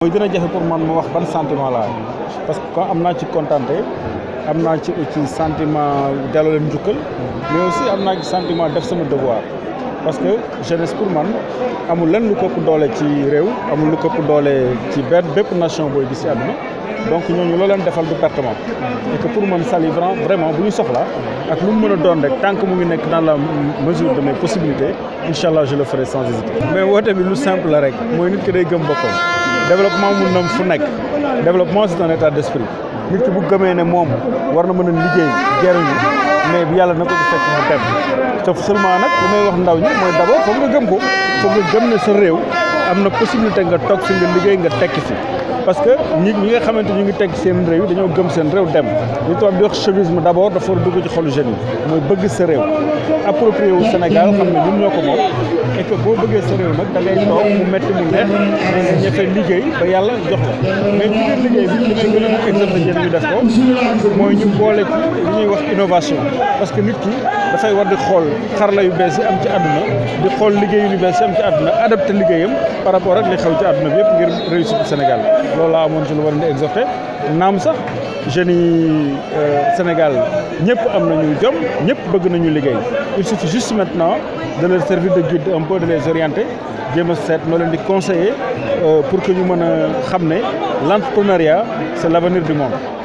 mooy dina jafe pour man ma wax ban sentiment laa parce que am naa ci kontante am naa ci ci sentiment delloo leen njukkal mais aussi am naa ci sentiment def sama devoir parce que jeunesse pour man amul lenn lu ko ëpp doole ci réew amul lu ko doole ci benn bépp nation booy gis ci àdduna donc nous loo leen defal du et que pour man Saly vraiment vous ñu soxla ak lu mu nous a rek tant que mu ngi nekk dans la mesure de mes possibilités incha je le ferai sans hésiter. mais woote bi lu simple la rek mooy nit ki day gëm développement mon nom fu nekk développement c'est un état d'esprit nit ki bu gëmee ne mom war na mën a liggéey mais via yàlla na de cette mu dem te seulement nag li may wax ndaw ñi d'abord foog nga gëm ko foog nga gëm ne sa réew. am na possibilité nga toog si nga liggéey nga tekki si parce que ñi ñi nga xamante ñu ngi teg seen réew yi dañoo gëm seen réew dem li tubaab di wax chauvisme d' abord dafa war a dugg ci xolu jeunes yi mooy bëgg sa réew approprié wu Sénégal xam ne ñun ñoo ko moom et boo bëggee sa réew nag da ngay toog mu métti mu neex liggéey ba yàlla jox ko mais ci biir def ko mooy ñu boole ci ñuy wax innovation parce que nit ki fay war di xol xarla yu bees yi am ci aduna di xol liggéeyu yu bees yi am ci aduna adapter liggéeyam par rapport ak li xew ci aduna bi yëpp ngir réussite Sénégal loolu la amone ci lu war a nam sax jeune yi euh, Sénégal ñëpp am nañu jom ñëpp bëgg nañu liggéey il suffit juste maintenant de leur servir de guide un peu de les orienter jéem set no noo di conseiller euh, pour que ñu mëna xamné l'entrepreneuriat c'est l'avenir du monde